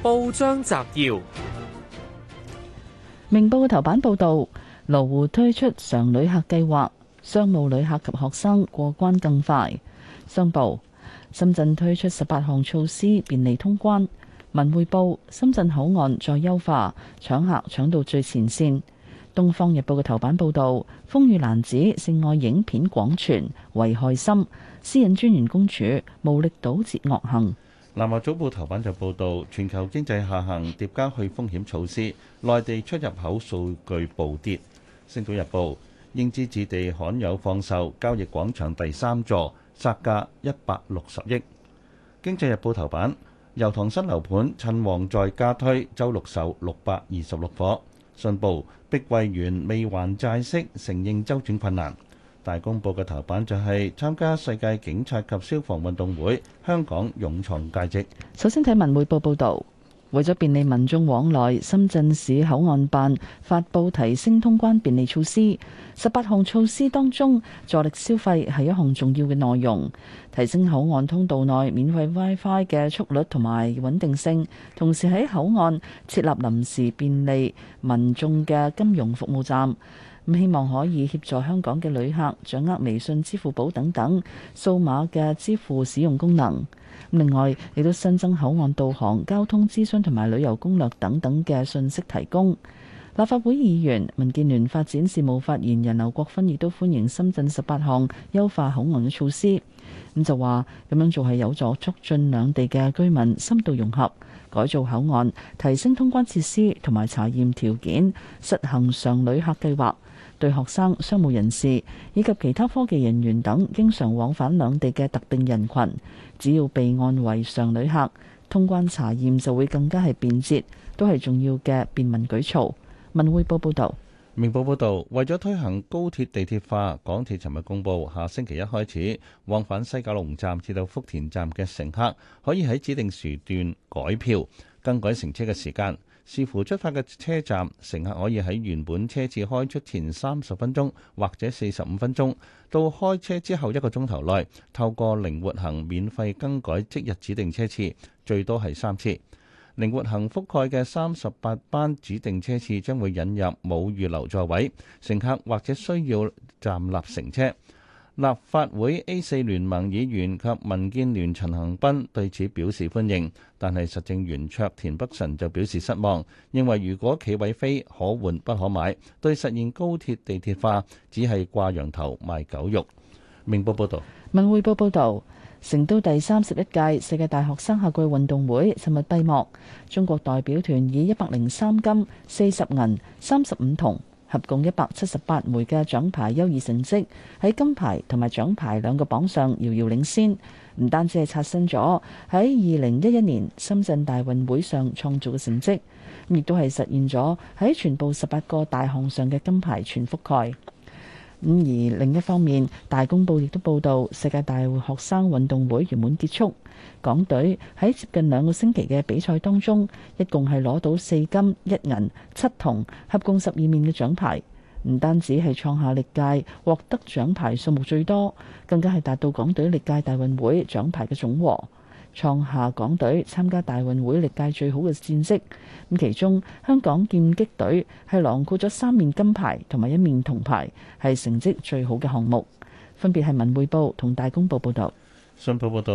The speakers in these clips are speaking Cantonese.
報章摘要：明報嘅頭版報道，羅湖推出常旅客計劃，商務旅客及學生過關更快。商報：深圳推出十八項措施便利通關。文匯報：深圳口岸再優化，搶客搶到最前線。東方日報嘅頭版報道：風雨男子性愛影片廣傳，危害深；私隱專員公署無力堵截惡行。南華早報頭版就報導，全球經濟下行疊加去風險措施，內地出入口數據暴跌。星島日報，英資置地罕有放售，交易廣場第三座，殺價一百六十億。經濟日報頭版，油塘新樓盤趁旺再加推，週六售六百二十六伙。信報，碧桂園未還債息，承認週轉困難。大公報嘅頭版就係參加世界警察及消防運動會，香港勇創佳績。首先睇文匯報報導，為咗便利民眾往來，深圳市口岸辦發布提升通關便利措施。十八項措施當中，助力消費係一項重要嘅內容。提升口岸通道內免費 WiFi 嘅速率同埋穩定性，同時喺口岸設立臨時便利民眾嘅金融服務站。咁希望可以協助香港嘅旅客掌握微信、支付寶等等數碼嘅支付使用功能。另外亦都新增口岸導航、交通諮詢同埋旅遊攻略等等嘅信息提供。立法會議員民建聯發展事務發言人劉國勳亦都歡迎深圳十八項優化口岸嘅措施。咁就話，咁樣做係有助促進兩地嘅居民深度融合。改造口岸，提升通關設施同埋查驗條件，實行常旅客計劃。對學生、商務人士以及其他科技人員等經常往返兩地嘅特定人群，只要備案為常旅客，通關查驗就會更加係便捷，都係重要嘅便民舉措。文匯報報導，明報報導，為咗推行高鐵地鐵化，港鐵尋日公佈，下星期一開始，往返西九龍站至到福田站嘅乘客可以喺指定時段改票，更改乘車嘅時間。視乎出發嘅車站，乘客可以喺原本車次開出前三十分鐘，或者四十五分鐘到開車之後一個鐘頭內，透過靈活行免費更改即日指定車次，最多係三次。靈活行覆蓋嘅三十八班指定車次將會引入冇預留座位，乘客或者需要站立乘車。立法會 A 四聯盟議員及民建聯陳恒鑌對此表示歡迎，但係實政圓桌田北辰就表示失望，認為如果企位飛可換不可買，對實現高鐵地鐵化只係掛羊頭賣狗肉。明報報導，文匯報報導，成都第三十一屆世界大學生夏季運動會尋日閉幕，中國代表團以一百零三金、四十銀、三十五銅，合共一百七十八枚嘅獎牌優異成績，喺金牌同埋獎牌兩個榜上遙遙領先，唔單止係刷新咗喺二零一一年深圳大運會上創造嘅成績，亦都係實現咗喺全部十八個大項上嘅金牌全覆蓋。咁而另一方面，大公報亦都報道世界大學生運動會圓滿結束，港隊喺接近兩個星期嘅比賽當中，一共係攞到四金一銀七銅，合共十二面嘅獎牌。唔單止係創下歷屆獲得獎牌數目最多，更加係達到港隊歷屆大運會獎牌嘅總和。創下港隊參加大運會歷屆最好嘅戰績，咁其中香港劍擊隊係囊括咗三面金牌同埋一面銅牌，係成績最好嘅項目。分別係文匯報同大公報報道。信報報道，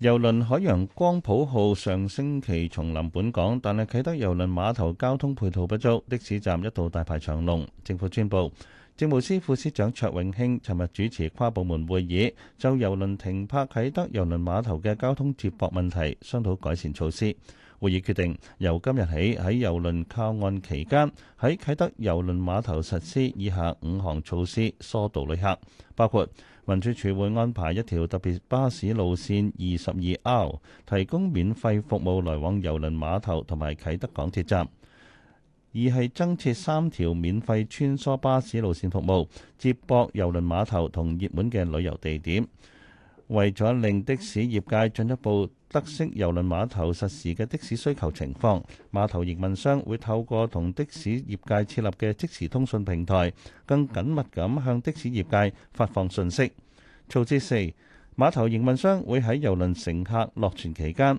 郵輪海洋光譜號上星期重臨本港，但係啟德郵輪碼頭交通配套不足，的士站一度大排長龍。政府宣佈。政務司副司長卓永興尋日主持跨部門會議，就郵輪停泊啟德郵輪碼頭嘅交通接駁問題商討改善措施。會議決定，由今日起喺郵輪靠岸期間，喺啟德郵輪碼頭實施以下五項措施疏導旅客，包括民主署會安排一條特別巴士路線二十二 R，提供免費服務來往郵輪碼頭同埋啟德港鐵站。二係增設三條免費穿梭巴士路線服務，接駁郵輪碼頭同熱門嘅旅遊地點，為咗令的士業界進一步得悉郵輪碼頭實時嘅的、的士需求情況，碼頭營運商會透過同的士業界設立嘅即時通訊平台，更緊密咁向的士業界發放信息。措施四，碼頭營運商會喺郵輪乘客落船期間。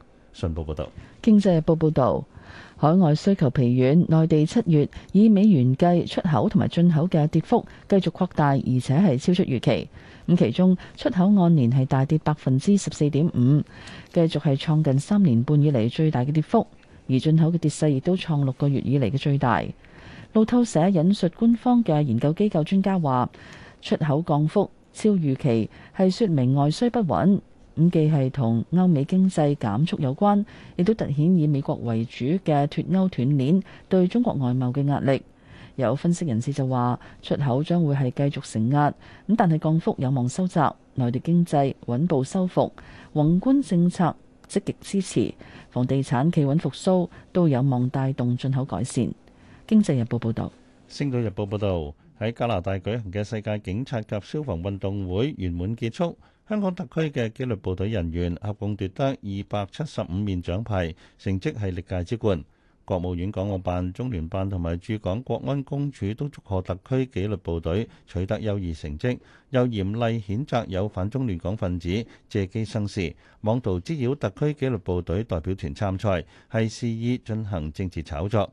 信報報導，經濟報報導，海外需求疲軟，內地七月以美元計出口同埋進口嘅跌幅繼續擴大，而且係超出預期。咁其中出口按年係大跌百分之十四點五，繼續係創近三年半以嚟最大嘅跌幅，而進口嘅跌勢亦都創六個月以嚟嘅最大。路透社引述官方嘅研究機構專家話，出口降幅超預期係說明外需不穩。咁既係同歐美經濟減速有關，亦都突顯以美國為主嘅脱歐斷鏈對中國外貿嘅壓力。有分析人士就話，出口將會係繼續承壓，咁但係降幅有望收窄。內地經濟穩步收復，宏觀政策積極支持，房地產企穩復甦都有望帶動進口改善。經濟日報報道。星島日報報道，喺加拿大舉行嘅世界警察及消防運動會圓滿結束。香港特區嘅紀律部隊人員合共奪得二百七十五面獎牌，成績係歷屆之冠。國務院港澳辦、中聯辦同埋駐港國安公署都祝賀特區紀律部隊取得優異成績，又嚴厲譴責有反中亂港分子借機生事、妄圖滋擾特區紀律部隊代表團參賽，係肆意進行政治炒作。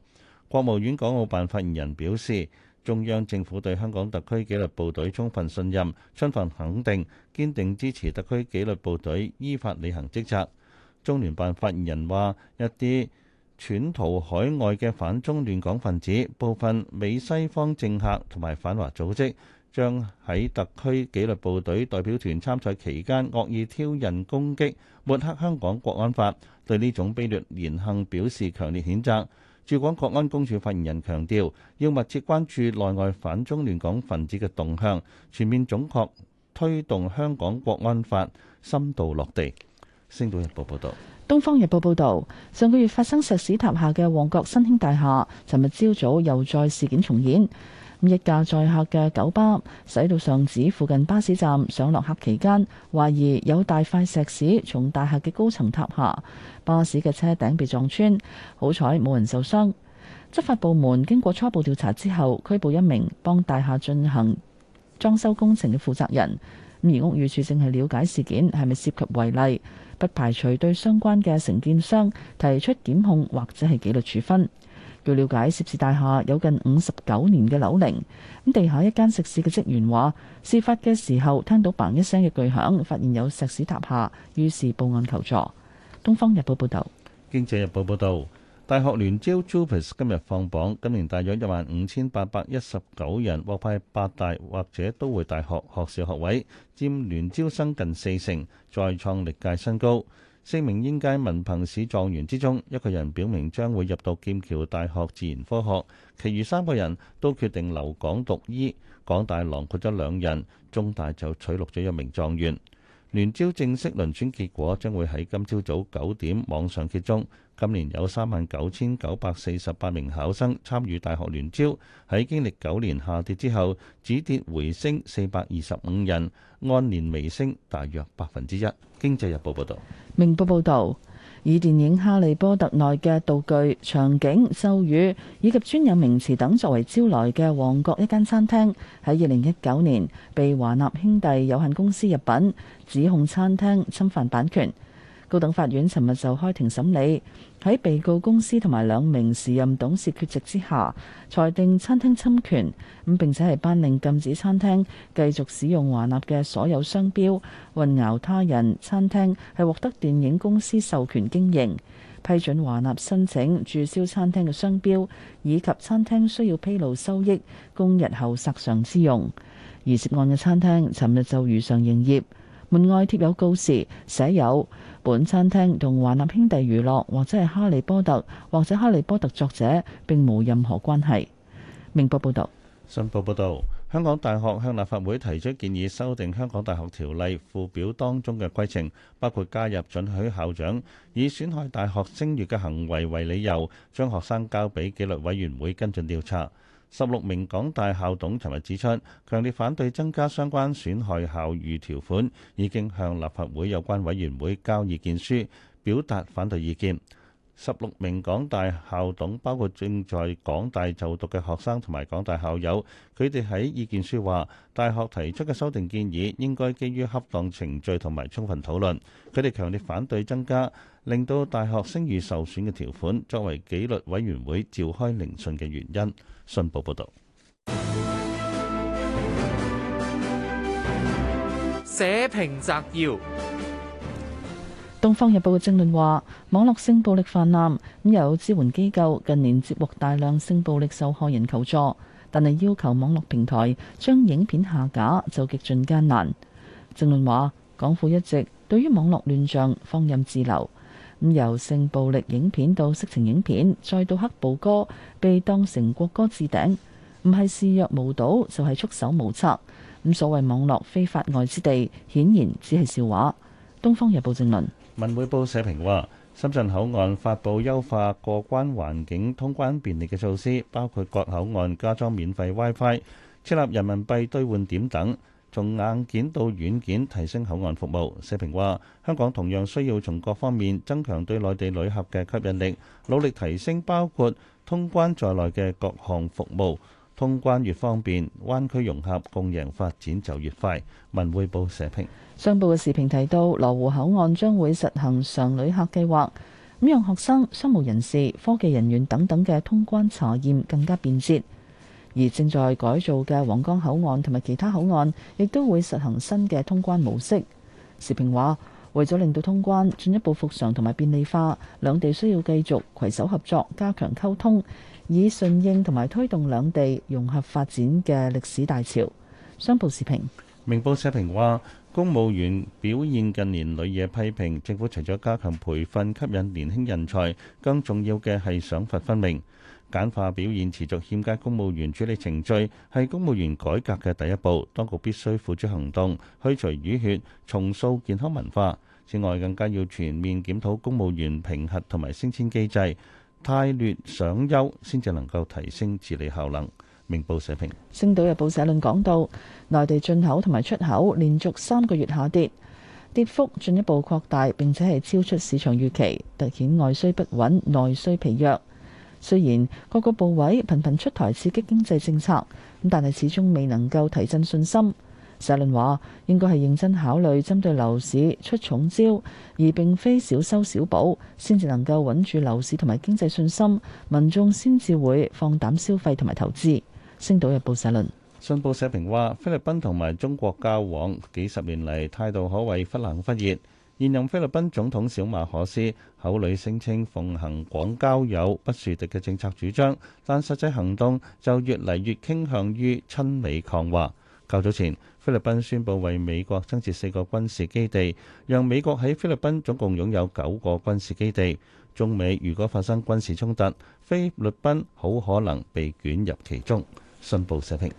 國務院港澳辦發言人表示。中央政府對香港特區紀律部隊充分信任，充分肯定，堅定支持特區紀律部隊依法履行職責。中聯辦發言人話：一啲竄逃海外嘅反中亂港分子，部分美西方政客同埋反華組織，將喺特區紀律部隊代表團參賽期間惡意挑釁、攻擊、抹黑香港國安法，對呢種卑劣言行表示強烈譴責。駐港國安公署發言人強調，要密切關注內外反中亂港分子嘅動向，全面準確推動香港國安法深度落地。星島日報報導，東方日報報道，上個月發生石屎塔下嘅旺角新興大廈，尋日朝早又再事件重演。一架載客嘅九巴駛到上址附近巴士站上落客期間，懷疑有大塊石屎從大廈嘅高層塌下，巴士嘅車頂被撞穿，好彩冇人受傷。執法部門經過初步調查之後，拘捕一名幫大廈進行裝修工程嘅負責人。而屋宇署正係了解事件係咪涉及違例，不排除對相關嘅承建商提出檢控或者係紀律處分。據了解，涉事大廈有近五十九年嘅樓齡。咁地下一間食肆嘅職員話，事發嘅時候聽到嘭一聲嘅巨響，發現有石屎塌下，於是報案求助。東方日報報道，經濟日報報道，大學聯招 JUPAS 今日放榜，今年大約一萬五千八百一十九人獲派八大或者都會大學學士學位，佔聯招生近四成，再創歷屆新高。四名應屆文憑試狀元之中，一個人表明將會入讀劍橋大學自然科學，其餘三個人都決定留港讀醫。港大囊括咗兩人，中大就取錄咗一名狀元。聯招正式輪選結果將會喺今朝早九點網上揭盅。今年有三萬九千九百四十八名考生參與大學聯招，喺經歷九年下跌之後，止跌回升四百二十五人，按年微升大約百分之一。經濟日報報導，明報報導，以電影《哈利波特》內嘅道具、場景、咒語以及專有名詞等作為招來嘅旺角一間餐廳，喺二零一九年被華納兄弟有限公司入稟，指控餐廳侵犯版權。高等法院尋日就開庭審理，喺被告公司同埋兩名時任董事缺席之下，裁定餐廳侵權，咁並且係頒令禁止餐廳繼續使用華納嘅所有商標，混淆他人餐廳係獲得電影公司授權經營，批准華納申請註銷餐廳嘅商標，以及餐廳需要披露收益，供日後索償之用。而涉案嘅餐廳尋日就如常營業。門外貼有告示，寫有：本餐廳同華納兄弟娛樂或者係哈利波特或者哈利波特作者並無任何關係。明報報道：「新報報道，香港大學向立法會提出建議，修訂香港大學條例附表當中嘅規程，包括加入准許校長以損害大學聲譽嘅行為為理由，將學生交俾紀律委員會跟進調查。」十六名港大校董尋日指出，強烈反對增加相關損害校譽條款，已經向立法會有關委員會交意見書，表達反對意見。十六名港大校董，包括正在港大就讀嘅學生同埋港大校友，佢哋喺意見書話，大學提出嘅修訂建議應該基於恰當程序同埋充分討論，佢哋強烈反對增加令到大學聲譽受損嘅條款，作為紀律委員會召開聆訊嘅原因。信報報道。社評摘要。《東方日報》嘅政論話：網絡性暴力泛濫，咁有支援機構近年接獲大量性暴力受害人求助，但係要求網絡平台將影片下架就極盡艱難。政論話：港府一直對於網絡亂象放任自流，咁由性暴力影片到色情影片，再到黑暴歌被當成國歌置頂，唔係視若無睹，就係、是、束手無策。咁所謂網絡非法外之地，顯然只係笑話。《東方日報》政論。文匯報社評話：深圳口岸發布優化過關環境、通關便利嘅措施，包括各口岸加裝免費 WiFi、設立人民幣兌換點等，從硬件到軟件提升口岸服務。社評話：香港同樣需要從各方面增強對內地旅客嘅吸引力，努力提升包括通關在內嘅各項服務。通關越方便，灣區融合共贏發展就越快。文匯報社評上報嘅時評提到，羅湖口岸將會實行常旅客計劃，咁讓學生、商務人士、科技人員等等嘅通關查驗更加便捷。而正在改造嘅皇崗口岸同埋其他口岸，亦都會實行新嘅通關模式。時評話。為咗令到通關進一步復常同埋便利化，兩地需要繼續攜手合作，加強溝通，以順應同埋推動兩地融合發展嘅歷史大潮。商報時評。明報社評話，公務員表現近年屢惹批評，政府除咗加強培訓、吸引年輕人才，更重要嘅係賞罰分明、簡化表現持續欠佳公務員處理程序係公務員改革嘅第一步，當局必須付諸行動，去除淤血，重塑健康文化。此外，更加要全面檢討公務員評核同埋升遷機制，汰劣賞優，先至能夠提升治理效能。明報社評，《星島日報社論》講到，內地進口同埋出口連續三個月下跌，跌幅進一步擴大，並且係超出市場預期，凸顯外需不穩、內需疲弱。雖然各個部委頻頻出台刺激經濟政策，咁但係始終未能夠提振信心。社論話：應該係認真考慮針對樓市出重招，而並非小修小補，先至能夠穩住樓市同埋經濟信心，民眾先至會放膽消費同埋投資。星島日報社論。信報社評話：菲律賓同埋中國交往幾十年嚟，態度可謂忽冷忽熱。現任菲律賓總統小馬可思口裡聲稱奉行廣交友不樹敵嘅政策主張，但實際行動就越嚟越傾向於親美抗華。較早前，菲律賓宣布為美國增設四個軍事基地，讓美國喺菲律賓總共擁有九個軍事基地。中美如果發生軍事衝突，菲律賓好可能被捲入其中。信報社評。